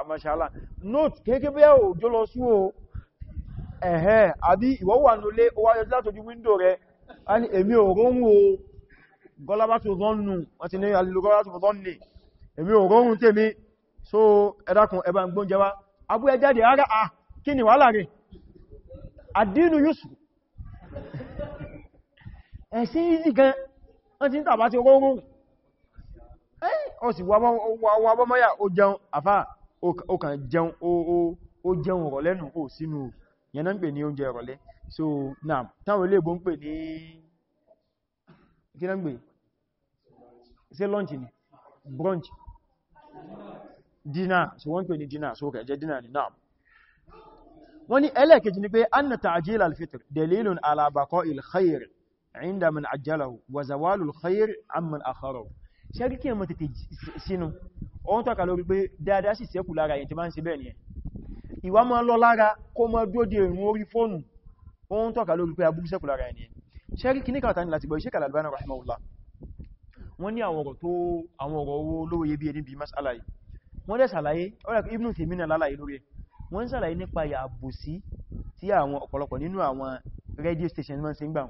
S1: mashallah note kéèké bẹ́ òjò lọ sú o ẹ̀hẹ́ àbí ìwọ wà nulé ó wáyọ látojú wíńdò rẹ a ní èmi òróhun o gọ́lábá tó zọ́nù wọ́n ti ní alìlúgọ́lá tó zọ́nù èmi òróhun tèmi so ẹ̀dàkùn ẹ̀bà gbóúnjẹ wá kí ni wàhálà rẹ̀ àdínú yusuf ẹ̀sìn ìzì gan wọ́n ti ń tàbá ti rọrùn rùn ẹ́ ọ sì wà bọ́mọ́yà ó jẹun àfá ó kàn jẹun ó jẹun rọ̀ lẹ́nu ó sínú yẹn náà ń pè ní oúnjẹ so now táwọn ilé ìbò ń pè ní brunch dinner so one pè dinner so kẹ̀ jẹ́ dinner ni now wọ́n ní ẹlẹ́ẹ̀kejì ni pé anna ta'jil al-fitr dalilun ala baqa'il khair inda man ajjalahu wa zawalul khair amman akharahu ṣe rí kí ẹmọ tètè sínú ohun tọ́ka lórí pé dáadáa sì sẹ́kù lára èyí tí máa ń ṣe bẹ́ẹ̀ ni ẹ̀ ìwà máa lọ lára kó mọ́ dóde ìrún orí fóònù ohun tọ́ka lórí pé abúrú sẹ́kù lára ẹni ṣe rí kí ní kàtà ní láti bọ̀ Sheikh rahimahullah wọ́n ní àwọn tó àwọn owó lówó yẹ bí ẹni bí masala wọ́n dẹ̀ sàlàyé ọ̀rẹ́ Ibn Taymiyyah lálàyé lórí ẹ̀ wọ́n ṣàlàyé nípa ìyà àbòsí tí àwọn ọ̀pọ̀lọpọ̀ nínú àwọn radio station wọ́n ṣe ń gbà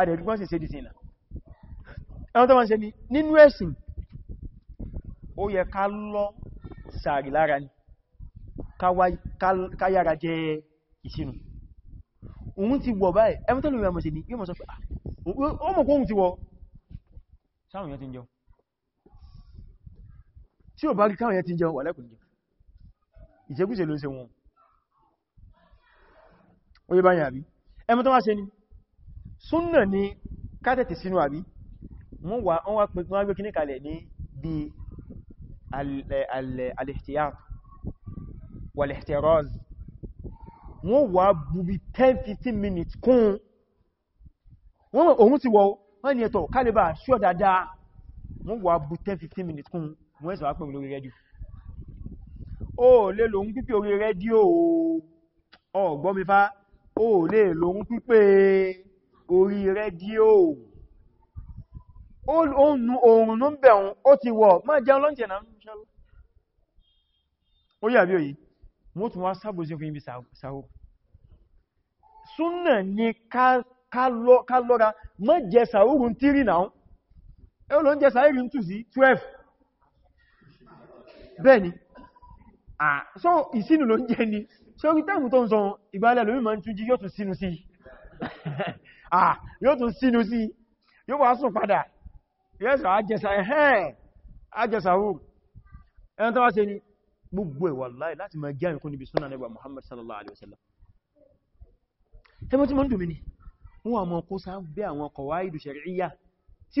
S1: adẹ̀rí wọ́n sì ṣe dìsìn náà ẹwọ́n tó wọ́n ṣe ní nínú ẹ̀sìn ó yẹ ká lọ sàárì lára ní káyára jẹ ìṣínú òun ti wọ̀ báyìí ẹwọ́n ah, tí ò bá rí káwọn yẹn ti jẹun wà lẹ́kùn ìṣẹ́gúṣe ló ń ṣe wọn ó yé báyìí àbí ẹmọ́ tó wá ṣe ni súnnà ni kátẹ̀tẹ̀ sínú àbí wọ́n wá wọ́n wá pẹ̀kún kíní kalẹ̀ ní bí al-ihtiyat wal-ihtiraz wọ́n wá bubi 10-15 minutes kún wọ́n òun ti wọ́ wọ́n ni ẹ̀tọ̀ kálẹ̀bà ṣọ́ dáadáa wọ́n wá 10-15 minutes kún wọ́n ẹ̀sọ̀ wá pẹ̀lú ó lè lòun pípé orí rédíò ọgbọ́mifá ó lè lòun pípé orí rédíò oòrùn ló ń bẹ̀rún ó ti wọ̀ má jẹun lọ́njẹ̀ náà ṣọ́lọ́ ó yà bí òyí mo tún wá sábòsí fún ibi sáwọ́ súnà ni ká lọ́ra má jẹ sàúrùn tírì náà ẹ ló ń jẹ sàúrùn tù sí 12 bẹ́ẹ̀ ni Ah, so ìsínú ló ń jẹ́ ni ṣe orí tẹ́mù tó ń sọ ìgbàlẹ̀ lórí ma ń tún jí yóò tún sínú sí ah yóò tún sínú sí yóò wá sùn padà yẹ́sà ajẹsà ẹ̀hẹ́ ajẹsà hù ẹ̀yẹn tó wá ṣe ni gbogbo ẹ̀ wàláhì láti ma gẹ́ àrìnkún níbi súnà nẹ́bà Muhammad sallallahu alaihi wasallam ẹmọ́ tí mọ́ ń dùn mí ni wọ́n àmọ́ kó sáà bẹ́ àwọn kọ̀wáìdù ṣẹ̀ríyà tí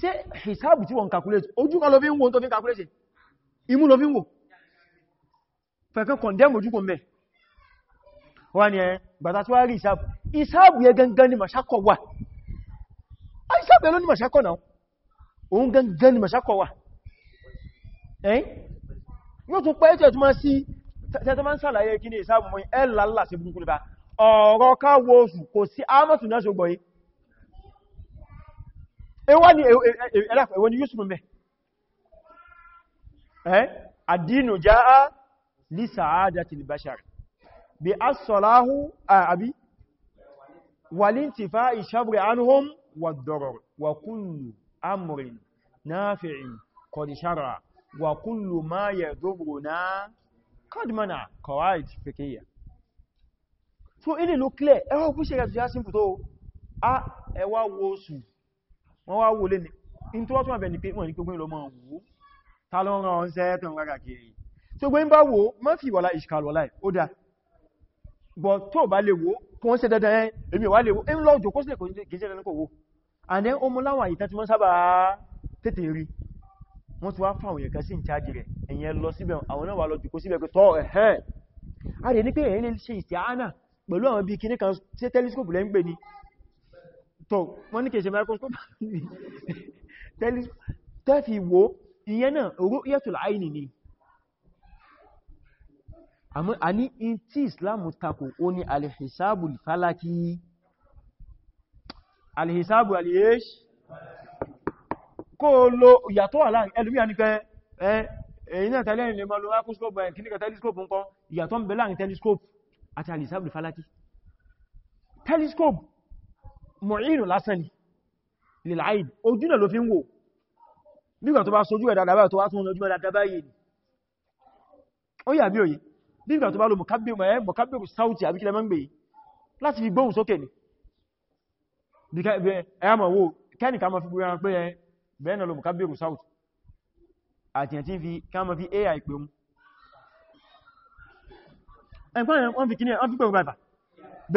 S1: ṣe hisabu tí wọ́n calculate ojú kan ló fi ń to tó fi calculate imú ló fi ń wo fẹ̀kẹ́ condemn ojú kan me. wà ní ẹ gbàtà tí wá rí hisabu hisabu yẹ gangan ni màṣákọ̀ wà a ah, hisabu yẹ ló ní màṣákọ̀ náà òun gangan ni màṣákọ̀ wà ẹ́yìn yóò tún pẹ́ tẹ̀ tún máa sí tẹ́tẹ́ máa ń sàlàyé kí ni hisabu mọ́ ẹ̀ lálàá sí burúkú nípa ọ̀rọ̀ káwọ́ oṣù kò sí ámọ́sù náà ṣogbọ̀ yìí ẹwà ni ẹ̀lẹ́fẹ̀ e, e, e, ẹ̀wọ̀n ni Yusuf mẹ́ ẹ́ eh? àdínù já á lè sàádà ti bashar bí a sọ̀láhù àbí wàlíntìfà ìṣàbùrì anuhun wà dọ̀rọ̀ wà kúlù amurin náàfihìn kọ̀dìṣára wà kúlù ma yẹ dúró na kọdmana kọwàid fikiyya so ilé ló clear ẹwà kú ṣe rẹ̀ tó yá sí fito a ẹwà wo sùn wọ́n wá wò lé ní in tó wọ́n bẹ̀ ní pé wọ́n ní gbogbo ìlọ́mọ̀ wò ta ló ń ran ṣẹ́ tó ń rárá kiri tó gbé ń bá wò má fi wọ́lá ìṣkàlù ọ̀lá ó dá bọ̀ tó bá lè wò kó ń ṣe dandan ẹ́ èmi wà lè wò ń lọ jòkó sílẹ̀ kìí ṣe dandan kò wò and then ó mú láwọn àyíká tí wọ́n sábà tètè rí wọ́n tó wọ́n ní kèèṣe microscope tẹ́fì wo ìyẹn náà ru'yatul aini ni àmọ́ a ní in tí Islam takò ó ní alìhìsáàbù falaki alìhìsáàbù alìhìs kó lo ìyàtọ̀ àlá ẹlùmíà ní pé ẹ̀yìn náà tẹ́lẹ̀ ìlẹ̀mọ̀ lo microscope ẹ̀ kìníkà telescope nǹkan ìyàtọ̀ ń bẹ láàrin telescope àti alìhìsáàbù falaki telescope mọ̀ínù lásán ni lìláìd ojú náà ló fi ń wò nígbà tó bá sojú ẹ̀ dáadáa tó wá tún ojú ẹ̀ dáadáa yìí ni ó yà bí òye nígbà tó bá lo mọ̀kábẹ̀rù eh, sáútì àbí kílẹ̀ mọ́gbẹ̀ láti fi gbóhùn sókè ni kẹ́nìká ma fi gbé ẹran pé eh, bẹ́ẹ̀ náà lo mọ̀kábẹ̀rù sáútì àti ẹ̀ tí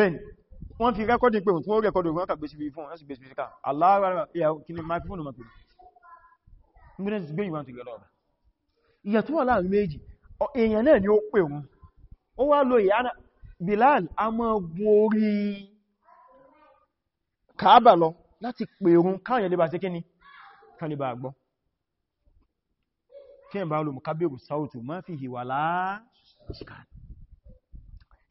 S1: fi wọ́n fi rẹ́kọ́dì pé òun tí wọ́n rẹ́kọ́dì wọ́n kàgbé sí fún ẹ́sì gbèsè ká aláàrẹ̀ kí ni máa fífún ọmọkùnrin gbínẹ́sì gbé ìwọ̀n tó gẹ̀lọ́ ọ̀rọ̀ ìyàtọ̀ wà láàrin méjì èèyàn náà ni ó pè wọn ó wá lo ìyá Bilal a mọ́ gun orí Kaaba lọ láti pè òun káyẹ̀ lè bá ṣe kíni kan lè bá gbọ́ kí ẹ̀ bá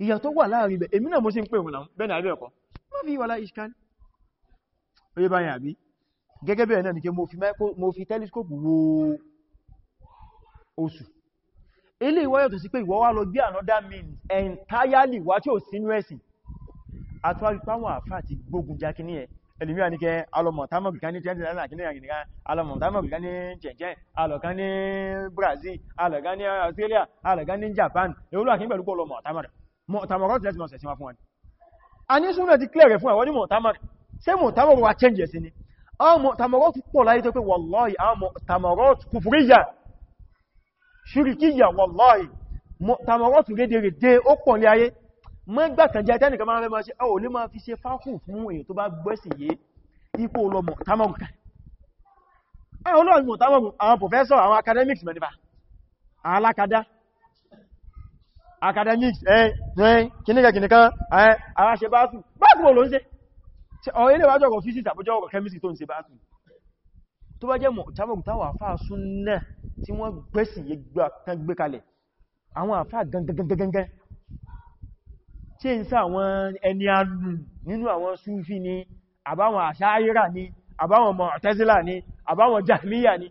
S1: ìyà tó wà láàrin ibẹ̀ èmi náà mo sì ń pè òun náà bẹ́ẹ̀ àbẹ́ ọ̀kọ́ má fi wà láì ṣkan oye báyìí àbí gẹ́gẹ́ bẹ́ẹ̀ náà ni kí mo fi telescope wo oṣù ilé ìwọ́yọ̀ tó sí pé ìwọ wá lọ gbé another means entirely wá tí ó sínú ẹ̀sìn àtúwárí páwọn àfá àti gbógun jákí ní ẹ̀ ẹlùmíà ní kẹ alọmọ̀támọ̀bìká ní jẹ́ alọmọ̀támọ̀bìká ní jẹ̀jẹ́ alọ̀kan ní Brazil alọ̀kan ní Australia alọ̀kan ní Japan ewúlò àkíńbẹ̀lú pọ̀ lọmọ̀támọ̀rẹ̀ mọ̀tàmọ̀rọ̀ tí lẹ́sìmọ̀ sẹ̀sìn wa fún wa ní a ní súnà ti clear fún àwọn ní mọ̀tàmọ̀rọ̀ ṣe mọ̀tàmọ̀rọ̀ wa change sí ni àwọn mọ̀tàmọ̀rọ̀ ti pọ̀ láyé tó pé wallahi àwọn mọ̀tàmọ̀rọ̀ kùfúríyà ṣirikíyà wallahi mọ̀tàmọ̀rọ̀ tún rédè rédè ó pọ̀ ní ayé mọ́ gbà kan jẹ́ tẹ́nìkan máa rẹ̀ máa ṣe ọ̀ lè máa fi ṣe fákù fún èyàn tó bá gbẹ́sì yé ipò lọ mọ̀tàmọ̀rọ̀ kan àwọn olóòrùn mọ̀tàmọ̀rọ̀ àwọn professor àwọn academics mẹ́nibà alákadá academics ẹ́ kìníkẹ̀kìníkan ẹ́ aráṣẹ báàtù báàtù wọ́n ló ń ṣe ọ̀rọ̀ ilé wájọ́ ọ̀gọ̀ physics àbójọ́ ọ̀gọ̀ chemistry tó ń ṣe báàtù tó bá jẹ́ mọ̀ tábọ̀gùtáwà àfáà súnnà tí wọ́n gbẹ́sì gbé kalẹ̀ àwọn àfáà gangangangangan tí ń sá àwọn ẹni alù nínú àwọn súfí ni àbáwọn àṣáyíra ni àbáwọn mọ̀tẹ́sílà ni àbáwọn jahiliya ni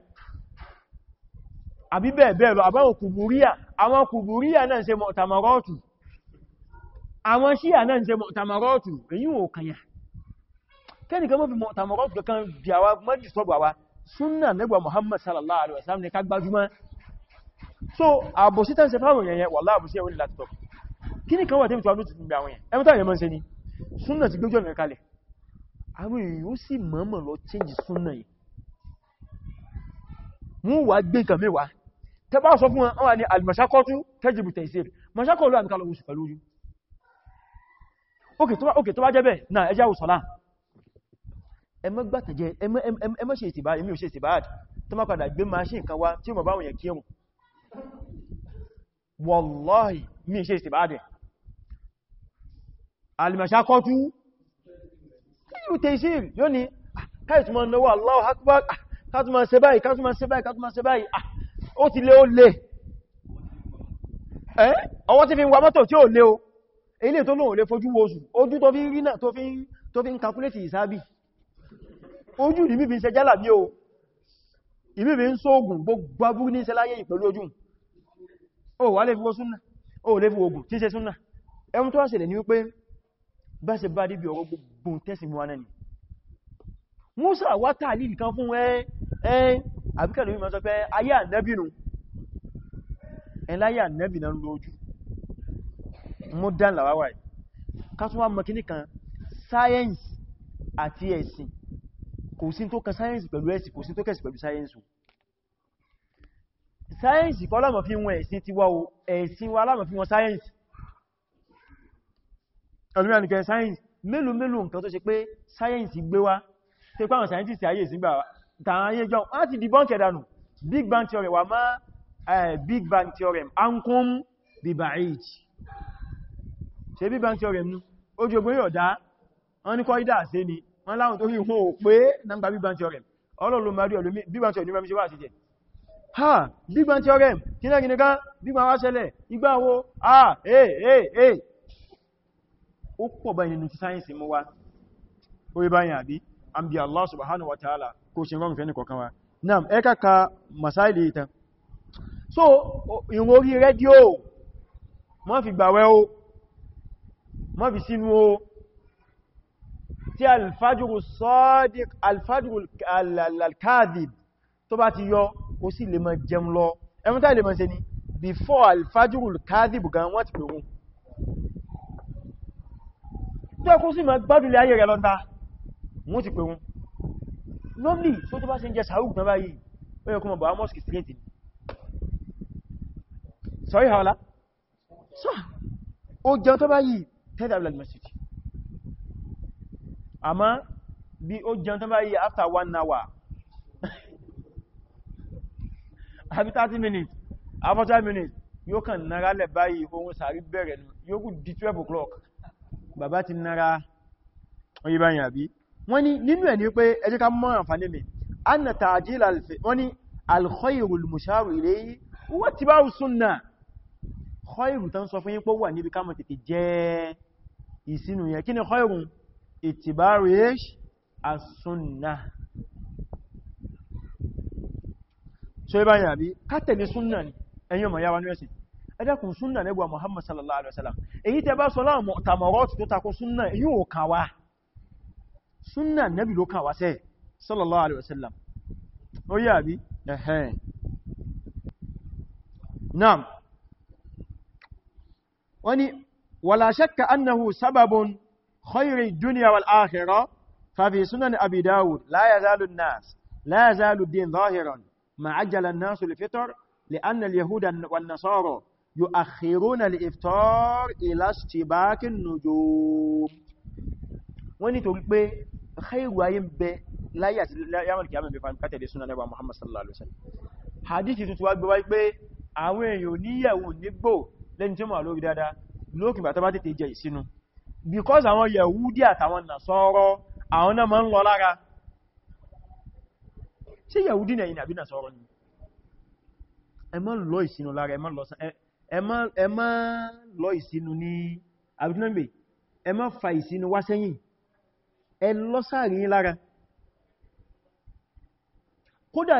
S1: àbí bẹ́ẹ̀ bẹ́ẹ̀ lọ àbáwọn kùbúríà àwọn kùbùríyà náà ṣe mọ̀tàmọ̀rọ̀tù àwọn ṣíyà náà ṣe mọ̀tàmọ̀rọ̀tù èyí ò kanyà kẹ́nìkan mọ́ fi mọ̀tàmọ̀rọ̀tù kankan bí àwa mọ́dì sọ́bọ̀ àwa súnnà nígbà Muhammad sallallahu alaihi wasallam ní ká gbájúmọ́ so àbòsí tán ṣe fáwọn yẹn wàlá àbòsí ẹwọ́n láti tọ́ kí ni kan wà tẹ́mìtì ọdún tuntun bí àwọn yẹn ẹmọ́ta yẹn mọ́ ṣe ni súnnà ti gbójú ọ̀nà kalẹ̀ àwọn èèyàn ó sì mọ̀ọ́mọ̀ lọ change súnnà yìí mú wà gbé nǹkan mẹ́wàá tẹbá sọ fún wọn wà ní alìmọ̀ṣákọ́tú tẹ́jìbù tẹ̀sír mọ̀ṣákọ́ olú àmìkà lọ́wọ́ pẹ̀lú ojú òkè tó bá jẹ́ bẹ̀ náà ẹjá òsọ̀lá ẹmọ́ gbàtẹ̀jẹ́ ẹmọ́ ṣe ìsìbá èmi ò ṣe ìsìbá àti tó má padà gbé máa ṣe nǹkan wá tí mo bá wọ̀nyẹ̀ kí ẹmù wallahi mi ṣe ìsìbá àdẹ̀ alìmọ̀ṣákọ́tú tẹ́jìbù tẹ̀sír yóò báyìí ah, ah, káìtùmọ̀ ṣe báyìí káìtùmọ̀ ṣe báyìí ó ti lé ó lé ẹ́ ọwọ́ tí fi ń wa mọ́tò tí ó lé o ilé tó lóòrùn lè fojú oṣù ojú tó fi rí náà tó fi ń kalkulétì ìsáàbì ojú ìmí fi ń ṣe jálà bí o ìmí fi ń sóògùn gbogbo abúrú ní iṣẹ́ láyé ìpẹ̀lú ojú o wà lè fi wó o lè fi ogun tí ṣe súnnà ni Musa wá tààlì kan fún àbíkẹ̀lú mímọ̀ sọ pé ayé ànẹ́bì nù ẹláyé ànẹ́bì náà lójú modern làwáwà kásúnwà mọ̀kíní kan sáyẹ́nsì àti ẹ̀sìn kò sí tó kan sáyẹ́nsì pẹ̀lú ẹ̀sìn kò sí tó kẹ̀sì pẹ̀lú sáyẹ́nsì sáyẹ́nsì kọ́ lámọ̀ fi o ẹ̀sìn wa lámọ̀ fi wọn sáyẹ́nsì ọdún mẹ́rin kẹ sáyẹ́nsì mélòó mélòó nǹkan tó ṣe pé sáyẹ́nsì gbé wá tẹ́pẹ́ tààyé jọ láti di bọ́ǹkẹ̀ dànù big bang theory wà máa big bang theorem ankum bibaid ṣe big bang theorem nú ó jẹ́ ogbé yọ̀dá wọ́n ní kọ́ ìdá àṣẹ́ ni wọ́n láwọn tó rí wọn ò pé nàgbà big bang theorem ọlọ́lọ́ marí ọlọ́mí big bang theorem ṣe wá sí jẹ ha big bang theorem kí náà big bang wá wo ah eh eh eh ó pọ̀ báyìí nínú ti sáyẹ́nsì mú wa Allah subhanahu wa ta'ala kó ṣe rọrùn fẹ́ni kọ̀kan wa náà ẹka ka masáìlì ìtàn so ìrùn orí rédíò má fi gbàwẹ́ o má fi sínú o tí alfajirul sadiq alfajirul alkadib tó bá ti yọ ó sì lè máa jẹun lọ ẹmúta ilé máa ṣe ni before alfajirul kadib gan wọ́n ti pèrún tó ẹkún sí máa gbádùn lé ayé rẹ̀ lọ́ta wọ́n ti pèrún normally so tó bá ṣe ń jẹ sàárù kan báyìí ó yẹ kọmọ bàá mọ́sùkì straight ni sorry haola so ó jẹun tó báyìí tẹ́lẹ̀ abúlé masjid àmọ́ bí ó jẹun tó báyìí after one hour àbí 30 minutes after 5 minutes yóò kàn nára lẹ̀ báyìí ohun sàárì bẹ̀rẹ̀ yóò kù di 12 o'clock bàbá ti nára oyíbáyìn àbí wọ́n ní nínú ẹ̀ ní pé ẹ jẹ́ ká mọ́ àǹfàní mi anna ta'jil wọ́n ní alkhoirul musharu ilayhi wa tibau sunna khoiru tán sọ fún yípo wà níbi ká mọ̀ tètè jẹ́ ìsinú yẹ kí ni khoiru ìtìbáru yesh as-sunna so ibá yà bí ká tẹ̀lé sunna ni ẹ̀yìn ọmọ yáwa nẹ́sìn ẹjẹ́kùn sunna nẹ́gbà Muhammad sallallahu alaihi wasallam èyí tẹ bá sọ láàmù tàmọ̀rọ̀ tó takó sunna yíò kàwàá súnnà nàbì ló kàwà sẹ́ sallallahu alaihi wasallam ó yà bí ẹ̀hẹ́n naam wọ́n ni wala shakka annahu sababun khairi duniya wal akhirah fa fi sunan abi dawud la yazalu an-nas la yazalu din zahiran ma ajala an-nas al-fitr li anna al-yahuda wan-nasara yu'akhkhiruna al-iftar ila istibaki an-nujum wọ́n nítorí pé khairu ayé ń bẹ láyé àti yàmàlì kìí àmàlì fàmì kátẹ̀lẹ̀ súnà nẹ́bà Muhammad sallallahu alaihi wasallam hadithi tuntun wá gbé wáyé pé àwọn èèyàn níyàwó nígbò lẹ́ni tí ó máa lórí dáadáa lókùn bàtà bá tètè jẹ ìsinú because àwọn yahudi àtàwọn nasọ́rọ́ àwọn náà máa ń lọ lára ṣe yahudi nẹ̀yìn àbí nasọ́rọ́ ni ẹ má lọ ìsinú lára ẹ má lọ ìsinú ní àbí ẹ má fa ìsinú wá sẹ́yìn ẹ lọ́sàrí lára kódà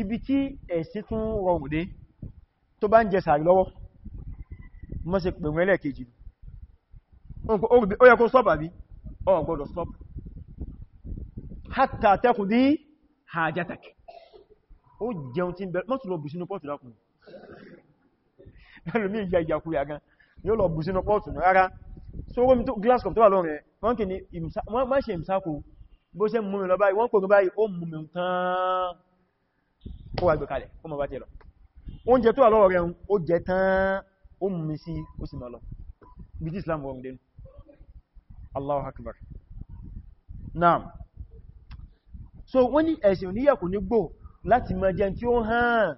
S1: ibi tí ẹ̀sí tún rọrùn dé tó bá ń jẹ sàárì lọ́wọ́ mọ́ sí pẹ̀lú ẹlẹ́ẹ̀kejì ó stop kó sọ́pà bí ọ ha hátà tẹ́kù dí hajjatak ó jẹun tí ń bẹ̀rẹ̀ mọ́tù lọ bù sínú pọ́ọ̀tù lọ so omi tó glass cup tó wà lọ́rùn ẹ̀ wọ́n kì ní má ṣe ìmsákò bó ṣe mú mi lọ báyìí wọ́n kò gbáyìí ó mú mi tán ó wà gbẹ̀kalẹ̀ ó mọ̀ bá ti lọ oúnjẹ tó wà lọ́rọ̀ rẹ̀ ó jẹ tán ó mú mi sí ó sì mọ̀ lọ bí so wọ́n ní ẹ̀sìn oníyàkù ní gbò láti mọ̀ jẹun tí ó hàn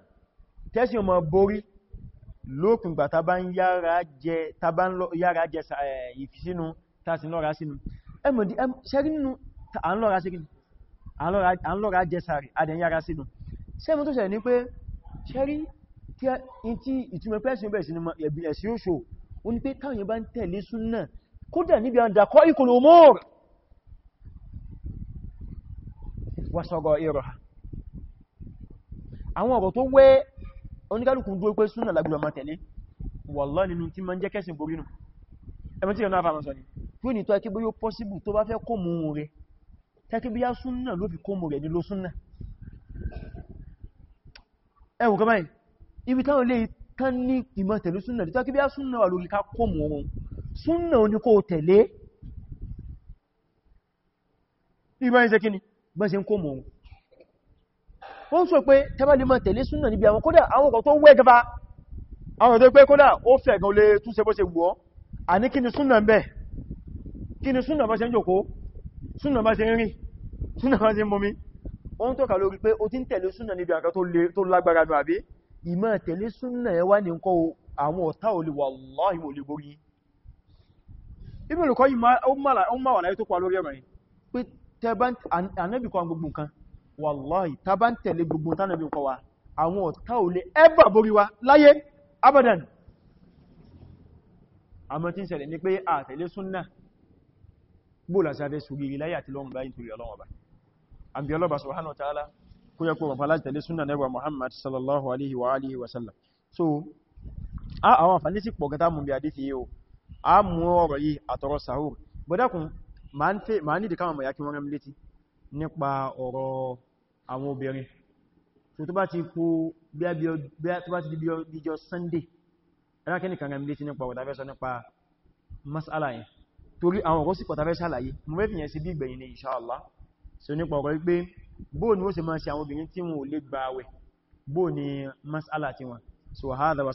S1: tẹ́sìn ọmọ borí lópin gbà tàbá ń yára jẹ eh, ìfisínú tàbí lọ́ra sínú ẹmọ̀dí ṣẹ́rínú àńlọ́ra jẹ sàárì adẹ̀ yára sínú ṣẹ́mọ̀ tó ṣẹ̀rẹ̀ ní pé ṣẹ́rí tí ìtumẹ̀ pẹ́sìn bẹ̀rẹ̀ sínú ẹ̀sí òṣò ó ní pé táwọn bá ń tẹ̀lé súnnà kódà níbi àndàkọ́ ìkòlò mọ́r wàṣọ́gọ̀ ìrọ̀ àwọn ọ̀rọ̀ tó wẹ́ oníkálùkù dúró pé súnà lágbùdọ̀ máa tẹ̀lé wàlá nínú tí ma ń jẹ́ kẹsìn borí nù ẹmọ tí yọ náà fàmọ́sọ ni tí ó ní tó ẹkí bóyó pọ́síbù tó bá fẹ́ kó mú rẹ̀ tẹ́kí bí yá súnà ló fi kó mú rẹ̀ ní ló súnà ẹwù kọ́ báyìí ibi táwọn lè kán ní ìmọ̀ tẹ̀lé súnà tó kí bí wọ́n sọ pé tẹ́bà lè máa tẹ̀lé súnà níbi àwọn kódà àwọn ọkọ̀ tó wẹ́ gẹba àwọn ọ̀dọ́ pé kódà ó fẹ́ gan lè tún ṣe bó ṣe wọ́ a ní kíni súnà ń bẹ kíni súnà bá ṣe ń jòkó súnà bá ṣe ń rìn súnà bá ṣe ń mọmí wọ́n tọ́ka lórí pé ó ti ń tẹ̀lé súnà níbi wallahi ta bá ń tẹ̀lé gbogbo tánàbí kọ wa àwọn ọ̀tá ò lè ẹbà borí wa láyé abadan àmọ́ tí ń ṣẹlẹ̀ ní pé àtẹ̀lé súnnà bóòlà sáfẹ́ sùgbìrì láyé àti lọ́run báyìí torí ọlọ́wọ́ bá àbí ọlọ́bà subhanahu wa ta'ala kó yẹ kó wà fàlá tẹ̀lé súnnà nẹ́bà Muhammad sallallahu alaihi wa alihi wa sallam so a àwọn àfàní sí pọ̀ nípa ọ̀rọ̀ àwọn obìnrin so tó bá ti kó bí tó bá ti di bíjọ sunday ẹlákẹ́ni kan rẹ̀mí létí nípa ọ̀dáfẹ́sọ nípa masala yìí torí àwọn ọ̀rọ̀ sí pọ̀tàfẹ́sà láyé mo fẹ́ fìyàn sí bí ìgbẹ̀yìn ní inshallah so nípa ọ̀rọ̀ wípé bóò ni ó sì máa ṣe àwọn obìnrin tí wọn ò lè gba àwẹ̀ bóò ni masala ti wọn so hadha wa